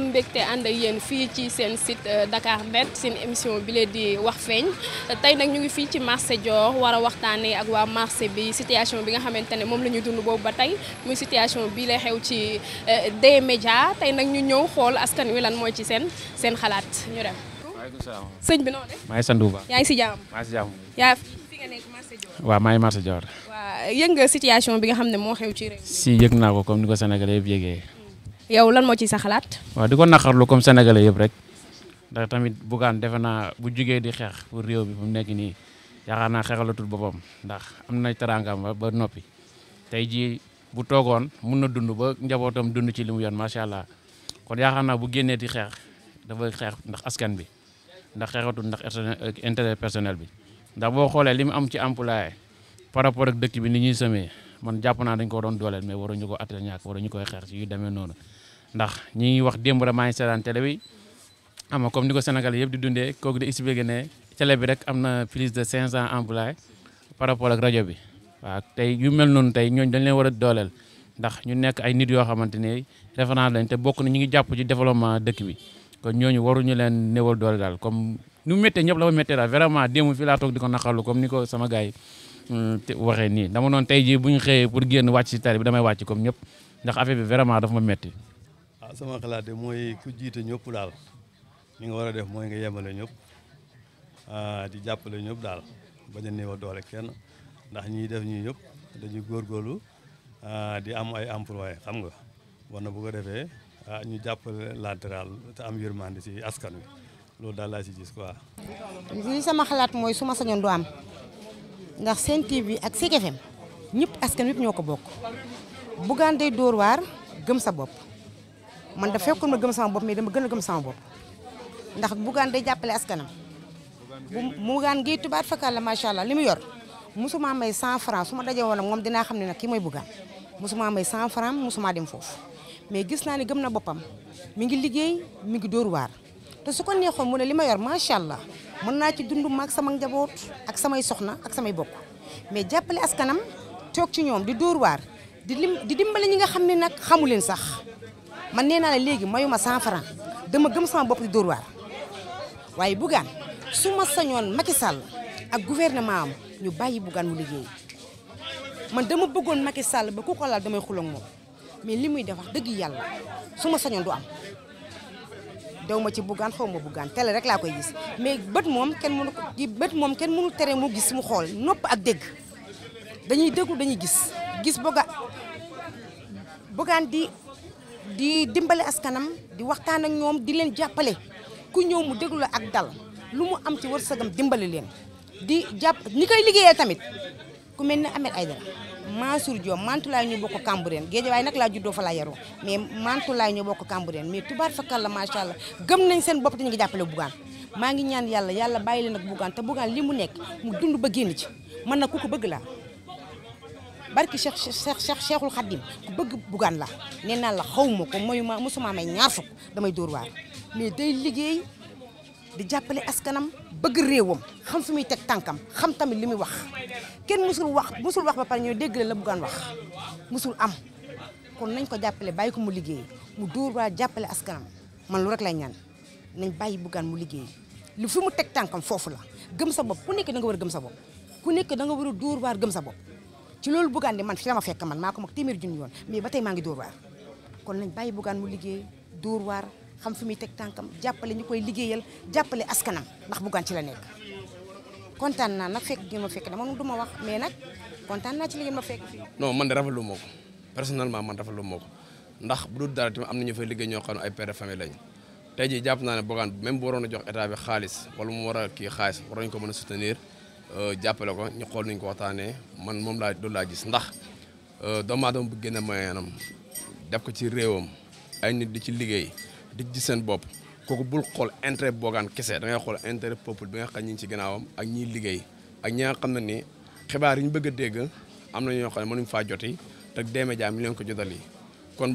am mbégte ànd ak yéen fii ci seen sit euh, Dakar Net seen émission bi leen di wax feeñ tey nag ñu ngi fii ci marché Dior war a waxtaanee ak waa marché bi situation bi nga xamante ne moom la ñuy dund boobu ba tey muy situation bii lay xew ci euh, D-Média tey nag ñu ñëw xool askan wi lan mooy ci seen seen xalaat ñu dem. bi noo de. maa ngi sant bu si jàmm. maa ngi si jàmm. yaa fi nga yëg nga situation bi nga xam ne moo xew ci réew si yëg naa ko comme ni ko Sénégalais bi yëgee yow lan moo ci sa xalaat. waaw di ko naqarlu comme sénégalais yëpp rek ndax tamit Bougane defe naa bu jugee di xeex pour réew bi fu mu nekk nii yaakaar naa xeexalatul boppam ndax am na teraangam ba noppi tey jii bu toogoon mun na dund ba njabootam dund ci li mu yoon macha allah kon yaakaar naa bu génnee di xeex dafay xeex ndax askan bi ndax xeexatul ndax intérêt personnel bi ndax boo xoolee li mu am ci employé par rapport ak dëkk bi ni ñuy semee man jàpp naa dañ ko doon dooleel mais waruñu ko atténuer ñàkk waruñu koy xeex ci yu demee noonu ndax ñi ngi wax démb rek maa ngi seetaan télé ama comme ni ko Sénégal yëpp di dundee kooku di expliqué ne télé bi rek am na plus de 500 employés par rapport ak rajo bi waaw tey yu mel noonu tey ñooñu dañ leen war a dooleel ndax ñu nekk ay nit yoo xamante ne référence lañ te bokk na ñu ngi jàpp ci développement dëkk bi kon ñooñu waruñu leen néewal doole daal comme nu mu méttee ñëpp la fa méttee daal vraiment démb fii laa toog di ko naqarlu comme ni ko sama gars yi mm, waxee nii dama noonu tey jii bu ñu xëyee pour génn wàcc si tari bi damay wàcc comme ñëpp ndax affaire bi vraiment dafa ma métti sama xalaat de mooy ku jiite ñëpp daal li nga war a def mooy nga yemale ñëpp ah, di jàppale ñëpp daal bañ a doole kenn ndax ñiy def ñii ñëpp dañuy góorgóorlu ah, di am ay employé xam nga war na bu ko ah, ñu jàppale latéral te am askan wi loolu daal laa ci quoi. li xalaat mooy su ma sañoon du am ndax ak Seek FM ñëpp askan ñoo ko bokk. Bougane day dóor waar gëm sa bopp. man da fekkoon ma gëm sama bopp mais dama gën a gëm sama bopp ndax Bougane da jàppale askanam bu Bougane ngay tubaat fakal la macha allah li mu yor musuma may 100 francs su ma daje moom dinaa xam ne nag kii mooy Bougane musuma may 100 francs musuma dem foofu mais gis naa ni gëm na boppam mi ngi liggéey mi ngi dóor waar te su ko neexoon mu na li ma yor macha allah mën naa ci dund maag sama njaboot ak samay soxna ak samay bokk mais jàppale askanam toog ci ñoom di dóor waar di lim di dimbale ñi nga xam ni nag xamu leen sax man nee naa ne léegi mayuma 100 francs dama gëm sama bopp di dóor waar waaye Bougane su ma sañoon Macky Sall ak gouvernement am ñu bàyyi Bougane mu liggéey man dama bëggoon Macky Sall ba ku ko laal damay xuloo ak moom mais li muy defax dëgg yàlla su ma sañoon du am daw ma ci Bougane xaw ma Bougane télé rek laa koy gis mais bët moom kenn mënu bët moom kenn mënu tere mu gis mu xool nopp ak dégg dañuy déglu dañuy gis gis Bougane Bougane di di dimbale askanam di waxtaan ak ñoom di leen jàppale ku ñëw mu déglu ak dal lu mu am ci war wërsëgam dimbale leen di jàpp ni koy liggéeyee tamit ku mel ne Ahmed Aïdara Mansour Diop Mantoulaye ñu bokk Cambérène Guédiawaye nag laa juddoo fa laa yaroo mais Mantoulaye ñu bokk Cambérène mais tubaar fakkal la macha allah gëm nañ seen bopp te ñu ngi jàppale Bougane maa ngi ñaan yàlla yàlla bàyyi leen ak Bougane te Bougane li mu nekk mu dund ba génn ci man na ku ko bëgg laa barki Cheikh Cheikh Cheikhul Khadim ku bëgg bugaan la nee naa la xaw ma ko mooy ma mosuma may ñaar fukk damay dóor waar mais day liggéey di jàppale askanam bëgg réewam xam fi muy teg tànkam xam tamit li muy wax kenn musul wax musul wax ba pare ñoo dégg la bugaan wax musul am kon nañ ko jàppale bàyyi ko mu liggéey mu dóor waar jàppale askanam man lu rek lay ñaan nañ bàyyi bugaan mu liggéey li fi mu teg tànkam foofu la gëm sa bopp ku nekk da nga war a gëm sa bopp ku nekk da nga war dóor waar gëm sa bopp ci loolu Bougane di man fi la ma fekk man maa ko mag téeméer junni yoon mais ba tey maa ngi dóor waar kon nañ bàyyi Bougane mu liggéey dóor waar xam fi muy teg tànkam jàppale ñu koy liggéeyal jàppale askanam ndax Bougane ci la nekk kontaan naa nag fekk fekk dama du ma mais nag kontaan naa ci li ngeen ma fekk non man de rafetlu moo ko personnellement man rafetlu moo ko ndax bu dul dara tamit am na ñu fay liggéey ñoo xam ay père de famille lañu tey jii jàpp naa ne Bougane même bu waroon a jox état bi xaalis wala mu war a kii xaalis war nañ ko mën a soutenir Euh, jàppale ko ñu xool nuñ ko waxtaanee man moom laa loolu laa gis ndax euh, doomu aadama bu génne moyenam def ko ci réewam ay nit di ci liggéey di ci seen bopp kooku bul xool intérêt boogaan kese da xool intérêt peuple bi nga xam ñi ci gannaawam ak ñiy liggéey ak ñi nga xam ne ni xibaar yi ñu bëgg dégg am na ñoo xam ne mënuñ faa joti te D-Média mi leen ko jotal yi kon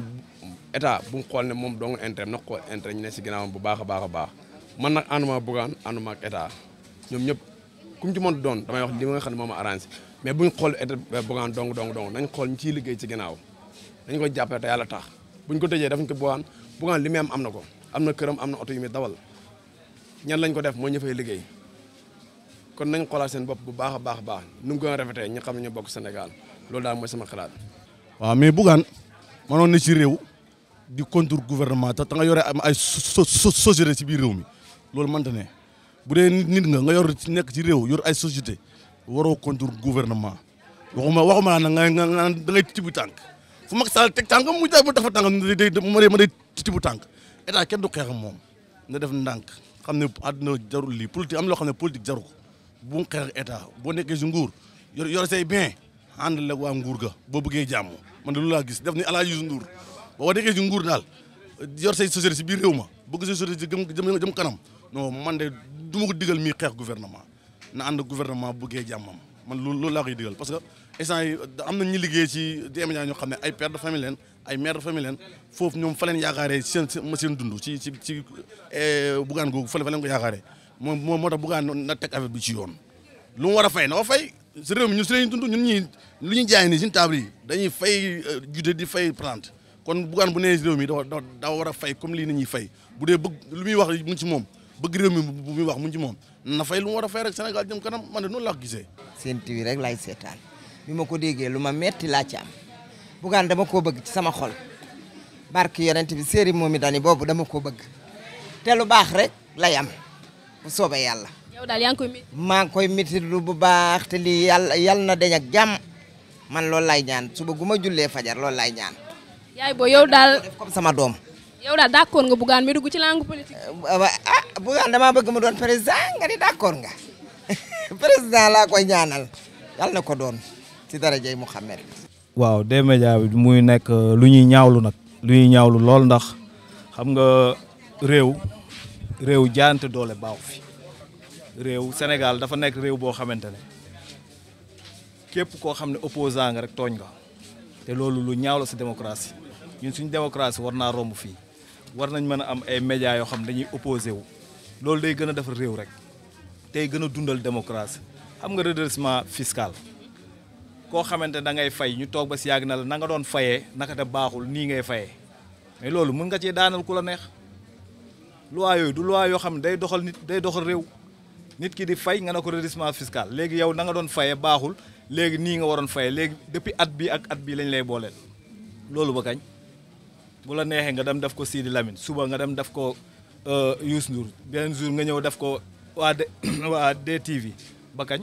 état bu mu xool ne moom dong intérêt na xool intérêt ñu ne si gannaawam bu baax a baax a baax man nag ànduma bugaan ànduma ak état ñëpp ku mu ci mën doon damay wax li nga xam ne moom a arrangé mais buñ xool été bugaan dong dong dong nañ xool ñu ciy liggéey ci ginnaaw dañ ko jàppale te yàlla tax buñ ko tëjee dafañ ko bugaan li mu am am ko am na këram am na oto yu muy dawal ñan lañ ko def moo ñu liggéey kon nañ xoolaat seen bopp bu baax a baax a baax nu mu gën a ñu xam ne ñu bokk senegal loolu daal mooy sama xalaat. waaw mais Bougane mënoon na si réew di contre gouvernement te tanga yore am ay société si biir réew mi loolu mënta ne. bu dee nit nga nga yor nekk ci réew yor ay société waroo contre gouvernement waxuma waxuma na nga nga da ngay tibb tànk fu Macky Sall teg tànk mu dafa dafa tànk ma day ma day tibb tànk état kenn du xeex moom na def ndànk xam ne àdduna jarul lii politique am loo xam ne politique jaru ko bu mu eta état boo nekkee si nguur yor yor say bien ànd la nguur ga boo bëggee jàmm ma de lu laa gis def ni alaa Youssou Ndour boo nekkee si nguur daal yor say société si biir réew ma bëgg say société jëm jëm kanam non man de du ma ko digal muy xeex gouvernement na ànd gouvernement buggee jàmmam man loolu loolu laa parce que instant yi am na ñu liggéey ci DMA ñoo xam ne ay père de famille leen ay mère de famille leen foofu ñoom fa leen yaakaaree seen seen dund ci ci ci eh, bugaan googu fële fa ko yaakaaree moo moom moo tax bugaan na teg affaire bi ci yoon lu mu war a fay na ko fay si réew mi ñun si ñu dund ñun ñii lu ñu jaay nii suñu table yi dañuy fay euh, jude di fay plante kon bugaan bu nee réew mi dafa war a fay comme lii ni ñuy fay dee bëgg lu muy wax mu moom bëgg réew mi bu muy wax mu ci moom na fay lu mu war a fay rek Sénégal jëm kanam man de noonu laa ko gisee. rek laay seetaan bi ma ko déggee lu ma metti laa ci am bugaan dama koo bëgg ci sama xol barke yonent bi séeri moom mi dani boobu dama koo bëgg te lu baax rek lay am bu soobee yàlla. yow daal yaa ngi koy métti. maa ngi koy métti lu bu baax te li yàlla yàlla na dañ ak jàmm man loolu laay ñaan suba gu ma jullee fajar loolu laay ñaan. yaay booy yow daal def sama doom. yow daal d'accord nga Bougane mi dugg ci langue politique. Euh, ah Bougane damaa bëgg mu doon président nga ni d'accord nga président laa koy ñaanal yàlla na ko doon ci darajay Mouhamed. waaw D-Media bi muy nekk euh, lu ñuy ñaawlu nag. lu ñuy ñaawlu lool ndax xam nga réew réew jaante doole baaw fi réew senegal dafa nekk réew boo xamante ne képp koo xam ne opposant nga rek tooñ nga te loolu lu ñaaw la si démocratie ñun suñ démocratie war naa romb fii. war nañ mën a am ay médias yoo xam dañuy opposé wu loolu day gën a defar réew rek tey gën a dundal démocratie xam nga redressement fiscal koo xamante da ngay fay ñu toog ba si yàgg na la na nga doon faye naka te baaxul nii ngay fayee mais loolu mun nga cee daanal ku la neex loi yooyu du loi yoo xam ne day doxal nit day doxal réew nit ki di fay nga ne ko redressement fiscal léegi yow na nga doon fayee baaxul léegi nii nga waroon fayee léegi depuis at bi ak at bi lañ lay booleel loolu ba kañ. bu la neexee nga dem def ko Sidi Lamine suba nga dem def ko euh, Youssou Ndour beneen jour nga ñëw def ko waa de waa DTV ba kañ.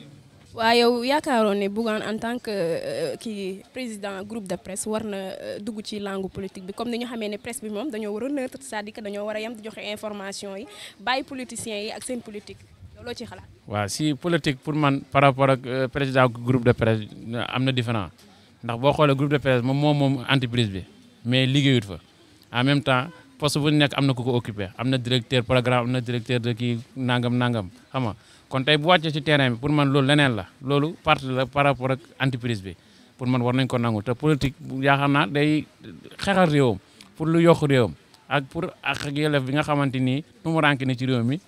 waa yow yaakaaroon ne Bougane en tant que euh, kii président groupe de presse war na euh, dugg ci langue politique bi comme ni ñu xamee ne presse bi moom dañoo war a neutre cest à dañoo war a yem di joxe information yi bàyyi politiciens yi ak seen politique looloo ci xalaat. waaw si politique pour man par rapport ak président groupe de presse am na différent ndax boo xoolee groupe de moom moom moom entreprise bi mais liggéeyut fa. en même temps poste bu nekk am na ku ko occupé am na directeur programme am na directeur de kii nangam nangam xam nga kon tey bu wàccee ci terrain bi pour man loolu leneen la loolu parti la par rapport ak entreprise bi pour man war nañ ko nangu te politique yaakaar naa day xeexal réewam pour lu yokk réewam ak pour a yelef bi nga xamante ni mu rànk ci réew mi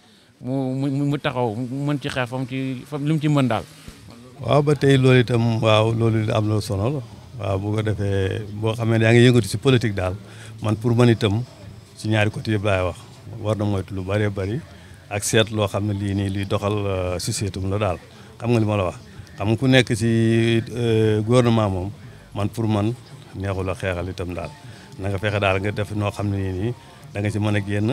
mu mu mu taxaw mën ci xeex fam ci fam li mu ci mën daal. waaw ba tey loolu itam waaw loolu am na solo waaw bu ko defee boo xamee yaa ngi yëngatu si politique daal man pour man itam si ñaari côté yëpp laay wax war na moytu lu bëree bëri ak seet loo xam ne lii nii luy doxal euh, société la daal xam nga li ma la wax. xam nga ku nekk si euh, gouvernement moom man pour man neexul a xeexal itam daal na nga fexe daal nga def noo xam ne nii da nga si mën a génn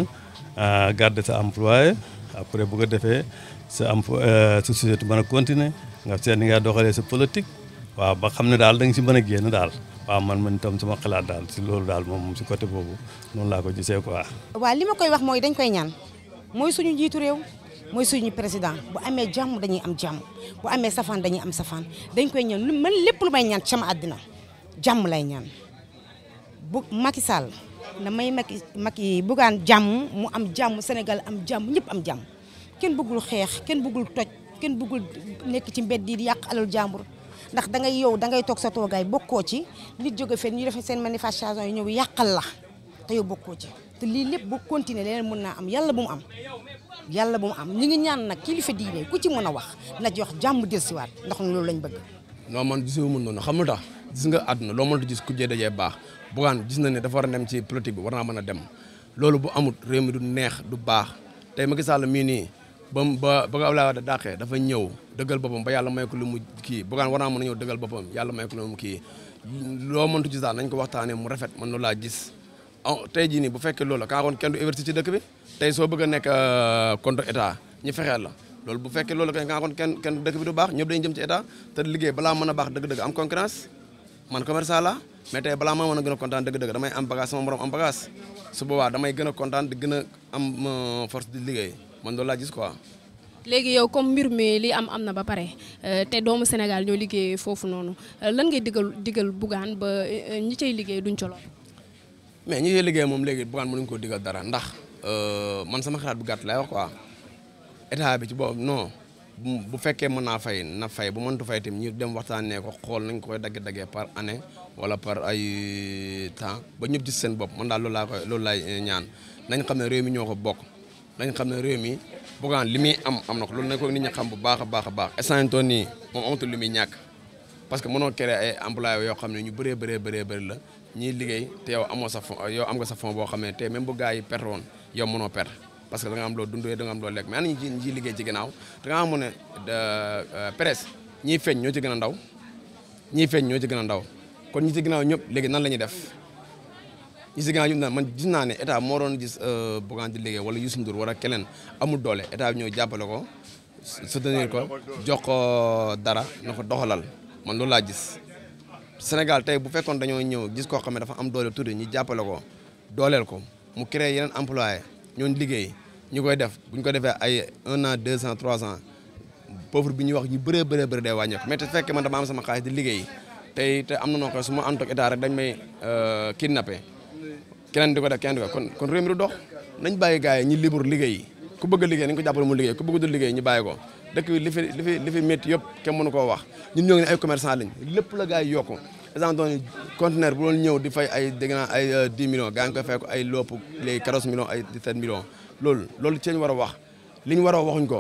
euh, garder sa employé après bu ko defee sa emploi sa société mën a continuer nga seet ni nga doxalee sa politique. waaw ba xam ne daal da nga si mën a génn daal waaw man man itam sama xalaat daal si loolu daal moom si côté boobu noonu laa ko gisee quoi. waaw li ma koy wax mooy dañ koy ñaan mooy suñu njiitu réew mooy suñu président bu amee jàmm dañuy am jàmm bu amee safaan dañuy am safaan dañ koy ñaan lu man lépp lu may ñaan sama àddina jàmm lay ñaan bu Macky Sall na may Macky Macky bugaan jàmm mu am jàmm Sénégal am jàmm ñëpp am jàmm kenn bëggul xeex kenn bëggul toj kenn buggul nekk ci mbedd di yàq alal jàmbur. ndax da ngay yow da ngay toog sa toogaay bokkoo ci ñu jóge fen ñu defee seen manifestation yi ñëw yàqal la te yow bokkoo ci te lii lépp boo continuer leneen mën naa am yàlla bu mu am yàlla bu mu am ñu ngi ñaan nag kilifa diine ku ci mën a wax na jox jàmm dellusiwaat ndax loolu lañ bëgg. non man gisuma mën noonu xam nga tax gis nga àdduna loo mënut a gis ku jee dajee baax bugaan gis na ne dafa war a dem ci politique bi war naa mën a dem loolu bu amut réew mi du neex du baax tey Macky Sall mii ba ba ba Abdoulaye Wade dàqee dafa ñëw dëggal boppam ba yàlla may ko lu mu kii Bougane war naa mën a ñëw dëggal boppam yàlla may ko lu mu kii loo mëntu gis daal nañ ko waxtaanee mu rafet man loolu laa gis ah tey jii nii bu fekkee loolu kaa kenn du université dëkk bi tey soo bëgg a nekk euh, contre état ñu fexeel la loolu bu fekkee loolu kay kaa kon kenn kenn dëkk bi du baax ñëpp dañ jëm ci état te liggéey balaa mën a baax dëgg-dëgg am concurrence man commerçant la mais tey balaa ma mën a gën a kontaan dëgg-dëgg damay am bagage sama morom su boobaa damay gën a kontaan di gën a am euh, force di liggéey man loolu laa gis quoi. léegi yow comme mbir mi li am am na ba pare euh, te doomu Sénégal ñoo liggéey foofu noonu euh, lan ngay digal digal Bougane ba euh, ñi cay liggéey duñ ca lool. mais ñi liggéey moom léegi Bougane mënuñ koo digal dara ndax man sama xalaat bu gàtt lay wax quoi état bi ci boobu non fekkee mën naa fay na fay bu mëntu fay tamit ñu dem waxtaanee ko xool nañ koy dagge daggee par année wala par ay temps ba ñëpp gis seen bopp man daal loolu laa loolu laay ñaan nañ xam ne réew mi ñoo ko bokk. nañ xam ne réew mi Bougane li muy am am na ko loolu nañ ko nit xam bu baax a baax a baax instant toon nii moom amatul li muy ñàkk parce que mënoo créer ay employés yoo xam ne ñu bëree bëree bëree bëri la ñiy liggéey te yow amoo sa fond am nga sa fond boo xam ne te même bu gars yi perte woon yow mënoo perte parce que da nga am loo dundee da nga am loo lekk mais ana ñi ci liggéey ci gannaaw da nga xam ne euh, presse ñiy feeñ ñoo ci gën a ndaw ñiy feeñ ñoo ci gën a ndaw kon ñi ci gannaaw ñëpp léegi nan la ñuy def ñu si gannaaw man gis naa ne état moo doon gis euh, Bougane di liggéey wala Youssou Ndour wala keneen amul doole état bi jàppale ko soutenir ko jox ko dara na ko doxalal man loolu laa gis. Sénégal tey bu fekkoon dañoo ñëw gis koo xam ne dafa am doole tuuti ñu jàppale ko dooleel ko mu créé yeneen employé ñooñu liggéey ñu koy def bu ñu ko defee ay un an deux ans trois ans pauvre bi ñuy wax ñu bëree bëree bëri day wàññeeku mais te fekkee ma dama am sama xaalis di liggéey tey te am na noo xam su ma ànd ak état rek dañ may euh, kidnappé. keneen di ko def keneen di ko kon kon réew mi du dox nañ bàyyi gars yi ñi libre liggéey ku bëgg a liggéey nañ ko jàppale mu liggéey ku bëgg ko dëkk bi li fi li fi li fi métti yëpp kenn mënu koo wax ñun ñoo ngi ne ay commerçant lañ lépp la gars yi yokku exemple doon conteneur ñëw di fay ay dégg naa ay 10 euh, millions gaa ngi koy fay ko ay lopp léegi 14 millions ay 17 millions loolu loolu ci lañ war a wax li ñu war a waxuñ ko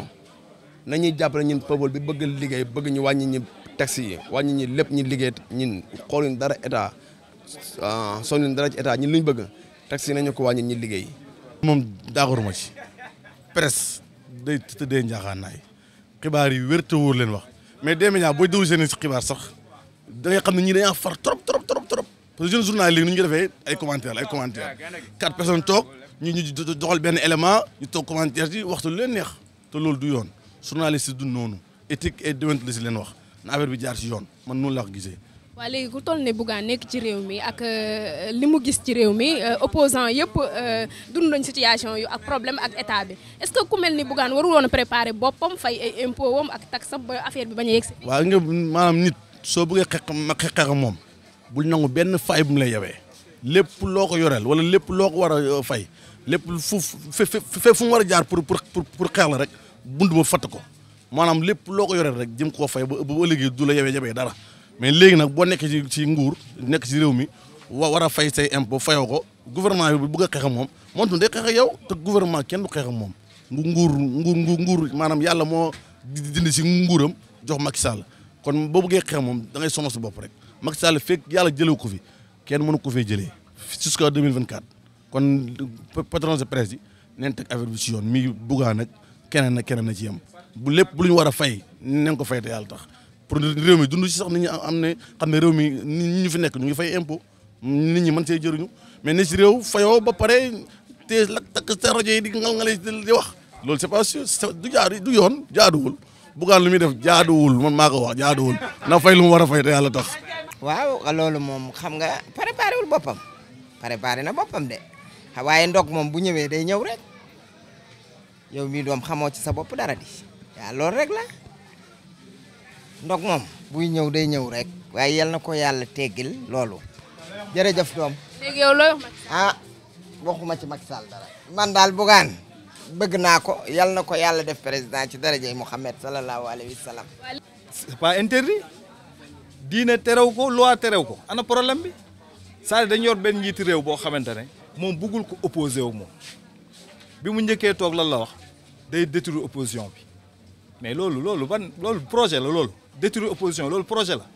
nañuy jàppale ñun peuple bi bëgg liggéey bëgg ñu wàññi ñi taxi yi wàññi ñi lépp ñi liggéey ñun xooluñ dara eta Ah, sonn dara ci état ñun lu ñu bëgg taxi nañu ko wàññi ñi liggéey. moom d'accorduma ci presse day tëddee njaaxaanaay xibaar yi wér te wóor leen wax mais des médias booy déglu seen xibaar sax da ngay xam ne ñii dañaa far trop trop trop trop parce que jeune journal defee ay commentaire ay commentaire quatre personnes toog ñu ñu doxal benn élément ñu toog commentaire ci waxtu lu leen neex te loolu du yoon journaliste du noonu éthique et déwénte la si leen wax na affaire bi jaar ci yoon man noonu laa gisee waa léegi ku toll ne Bougane nekk ci réew mi ak euh, li mu gis ci réew mi euh, opposant yëpp euh, dund nañ situation yu ak problème ak état bi est-ce que ku mel ni Bougane waru woon a préparer boppam fay ay impôt wam ak tax ba affaire bi bañ a yegg si. waaw nga nit soo bëggee xeex ma xeex moom bul nangu benn fay bu mu lay yewee lépp loo ko yoreel wala lépp loo ko war a fay lépp fu fe fu mu war a jaar pour pour pour xeex la rek bunt ba fatt ko maanaam lépp loo ko yoreel rek jëm koo fay ba ba léegi du la yewee yewee dara. mais léegi nag boo nekkee ci ci nguur nekk si réew mi wa war a fay say impôt fayoo ko gouvernement bi bëgg a xeex moom moom itam day xeex ak yow te gouvernement kenn du xeex ak moom nguur nguur nguur maanaam yàlla moo dindi si nguuram jox Macky Sall kon boo bëggee xeex moom da ngay sonal bopp rek Macky Sall fekk yàlla jëlee ko fi kenn mënu ko fee jëlee jusqu'à 2024 kon patron de presse yi neen teg affaire bi ci yoon mi buggaa nag keneen na keneen na ci yem bu lépp lu ñu war a fay neen ko fay yàlla tax pour réew mi dund ci sax nit ñi am ne xam ne réew mi nit fi nekk ñu ngi fay impôt nit ñi mën see jëriñu mais ne ci réew fayoo ba pare te la takk sa rajo yi di ngal-ngale di wax loolu c'est pas sûr du du yoon jaaduwul bugaan lu muy def jaaduwul man maa ko wax jaaduwul na fay lu mu war a fay te yàlla tax. waaw loolu moom xam nga préparé wul boppam na boppam de waaye ndog moom bu ñëwee day ñëw rek yow mii doom xamoo ci sa bopp dara ndog moom buy ñëw day ñëw rek waaye yal na ko yàlla teggil loolu jërëjëf doom. léegi yow looy wax ah, ci Macky dara. man daal bugaan bëgg naa ko yal na ko yàlla def président ci darajay Mouhamed sallallahu alayhi wa sallam. c'est pas interdit diine terew ko loi terew ko ana problème bi saa dañu yor benn njiiti réew boo xamante ne moom bëggul ko opposé wu moom bi mu njëkkee toog lan la wax day détruire opposition bi mais loolu loolu ban loolu projet la loolu. détruire opposition loolu projet la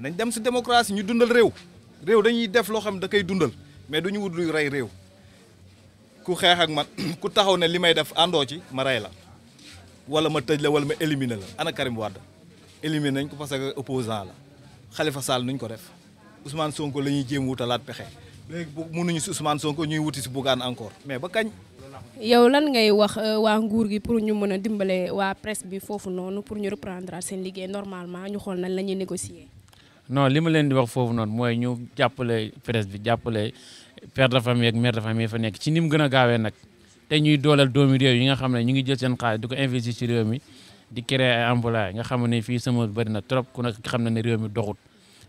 nañ dem si démocratie ñu dundal réew réew dañuy def loo xam da kay dundal mais du ñu wut luy rey réew ku xeex ak man ku taxaw ne li may def àndoo ci ma rey la wala ma tëj la wala ma éliminer la ana Karim Wade éliminer nañ ko parce que opposant la xalifa Sall nuñ ko def Ousmane Sonko la ñuy jéem wutalaat pexe léegi bu mënuñu si Ousmane Sonko ñuy wuti si Bougane encore mais ba kañ. yow lan ngay wax euh, waa nguur gi pour ñu mën a dimbale waa presse bi foofu noonu pour ñu reprendre seen liggéey normalement ñu xool nañ la ñuy négocier. no li ma leen di wax foofu noonu mooy ñu jàppale presse bi jàppale père de famille ak mère de famille fa nekk ci ni mu gën a gaawee nag te ñuy dooleel doomi réew yi nga xam ne ñu ngi jël seen xaalis di ko investir mi di créer ay emploi nga xam ne fii sama bëri na trop ku nekk xam na ne réew mi doxut.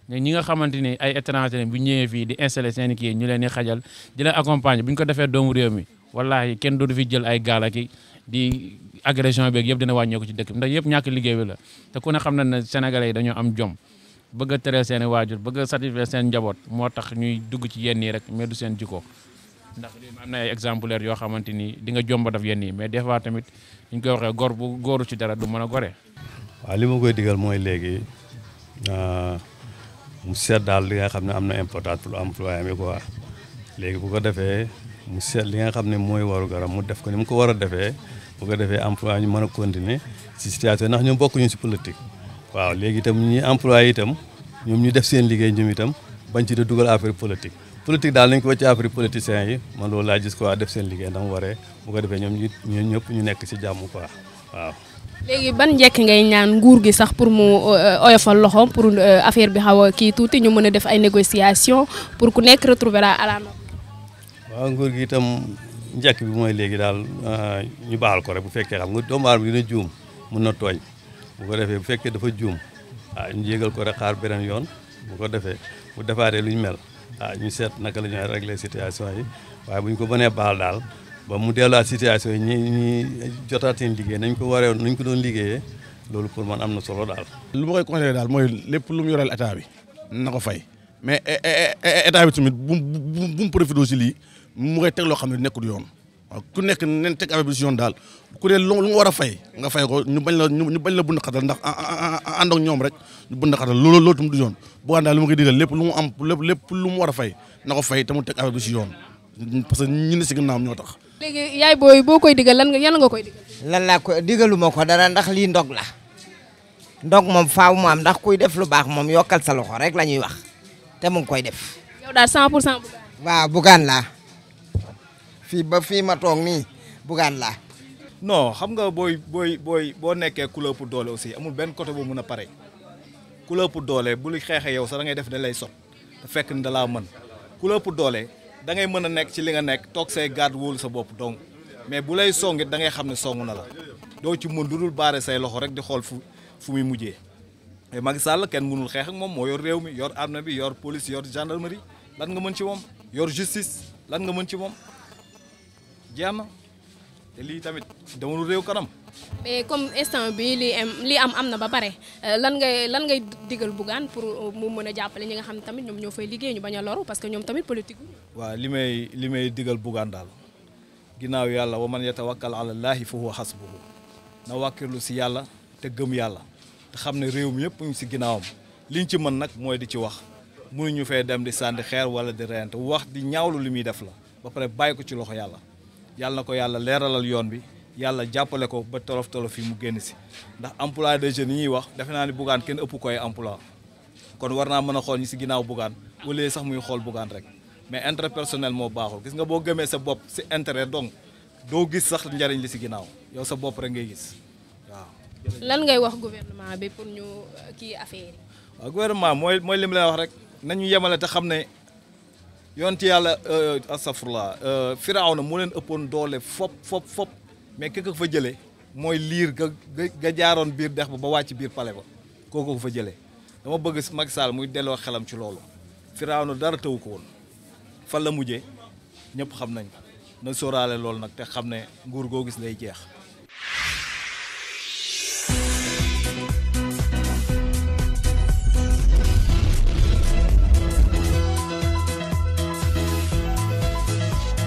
ñi nga xamante ni ay étranger bu ñëwee fii di installer seen kii ñu leen di xajal di leen accompagner bu ñu ko defee doomu réew mi. wallahi kenn dootu fi jël ay gaal ak di agression beeg yëpp dina wàññeeku ci dëkk bi ndax yëpp ñàkk liggéey bi la te ku ne xam na ne sénégalais yi dañoo am jom bëgg a tere waajur bëgg a seen njaboot moo tax ñuy dugg ci yenn yi rek mais du seen jikko ndax am na ay exemplaire yoo xamante ni di nga jomba def yenn yi mais des fois tamit ñu koy waxee gor bu góoru ci dara du mën a gore. waa li ma koy digal mooy léegi euh, mu seet daal li nga xam ne am na importance pour employé mi quoi léegi bu ko defee. mu seet li nga xam ne mooy waru garam mu def ko ni mu ko war a defee bu ko defee emploi ñu mën a continuer si situation ndax bokkuñu si politique. waaw léegi itam ñi emploi itam ñoom ñu def seen liggéey ñoom itam bañ ci da affaire politique politique daal nañ ko ci affaire politiciens yi man laa gis quoi def seen liggéey ndax mu waree bu ko defee ñoom ñu ñëpp ñu nekk si jàmm quoi waaw. léegi ban njëkk ngay ñaan nguur gi sax pour mu euh, oyofal loxoom pour euh, affaire bi xaw a kii tuuti ñu mën a def ay négociation pour ku nekk retrouver la à waaw nguur gi itam njëkk bi mooy léegi daal ah, ñu baal ko rek bu fekkee xam nga doomu aadama dina juum mun na tooñ bu ko defee bu fekkee dafa juum ah ñu ko rek xaar beneen yoon bu ko defee bu defaatee lu ñu mel ah ñu seet naka la ñuy régler situation yi waaye bu ñu ko mënee baal daal ba mu delluwaat situation yi ñi ñi jotaat seen liggéey nañ ko waree nañ ko doon liggéeyee loolu pour man am na solo daal. lu ma koy conseillé daal mooy lépp lu mu yoreel état bi na ko fay mais état bi tamit bu mu lii. mu ngay teg loo xam ne nekkul yoon waaw ku nekk nen teg affaire si yoon daal ku ne lu nga war a fay nga fay ko ñu bañ la ñu bañ la bund xatal ndax ànd ak ñoom rek ñu bund xatal loolu loolu du yoon bu daal lu ma koy digal lépp lu mu am lépp lépp lu mu war a fay na ko fay te mu yoon parce que ñu ne si ginnaaw ñoo tax. léegi yaay booy boo koy digal lan nga yan nga koy digal. lan laa koy digaluma ko dara ndax lii ndog la ndog moom faaw mu am ndax kuy def lu baax moom yokkal sa loxo rek la ñuy wax te mu ngi koy def. yow daal 100 pour 100 laa. fii ba fii ma toog nii bugaan laa. non xam nga booy booy booy boo nekkee ku la doole aussi amul benn côté bu mun a pare ku la ëpp doole bu li xeexee yow sax da ngay def da lay sot te fekk ni dalaa laa mën ku la doole dangay mën a nekk ci li nga nekk toog say garde wóolu sa bopp donc mais bu lay songit dangay xam ne song na la doo ci mën lu dul baare say loxo rek di xool fu fu muy mujjee mais Macky Sall kenn mënul xeex moom moo yor réew mi yor am na bi yor police yor gendarmerie lan nga mën ci moom yor lan nga mën ci moom jeex na te lii tamit dawanu réew kanam. mais comme instant bi lii am lii am am na ba pare euh, lan ngay lan ngay digal Bougane pour euh, mu mën a jàppale ñi nga xam ne tamit ñoom ñoo fay liggéey ñu bañ a loru parce que ñoom tamit politique waa li may li may digal Bougane daal ginnaaw yàlla wa man yatawakkal ala llaahi fa huwa hasbuhu na wàkkirlu si yàlla te gëm yàlla te xam ne réew mi yëpp ñu si ginnaawam liñ ci mën nag mooy di ci wax ñu fee dem di sànni xeer wala di reyante wax di ñaawlu li muy def la ba pare bàyyi ko ci loxo yàlla yàlla na ko yàlla leeralal yoon bi yàlla jàppale ko ba tolof tolof fi mu génn si ndax emploi de jeunes yi ñuy wax defe naa ni Bougane kenn ëpp koy emploi kon war naa mën a xool ñi si ginnaaw Bougane wala sax muy xool Bougane rek mais intérêt personnel moo baaxul gis nga boo gëmee sa bopp si intérêt donc doo gis sax njariñ li si ginnaaw yow sa bopp rek ngay gis waaw. lan ngay wax gouvernement bi pour ñu euh, kii affaire yi. waaw gouvernement mooy mooy li mu leen wax rek nañu yemale te yoon yonent yàlla euh, astafurlah euh, na moo leen ëppoon doole fop fop fop mais ki ko fa jëlee mooy liir ga ga jaaroon biir dex ba ba wàcc biir pale ba kooku ko fa jëlee dama bëgg mag saal muy delloo xelam ci loolu Firawna dara taw ko woon fan la mujje ñëpp xam nañ na soraale loolu nag te xam ne nguur goo gis day jeex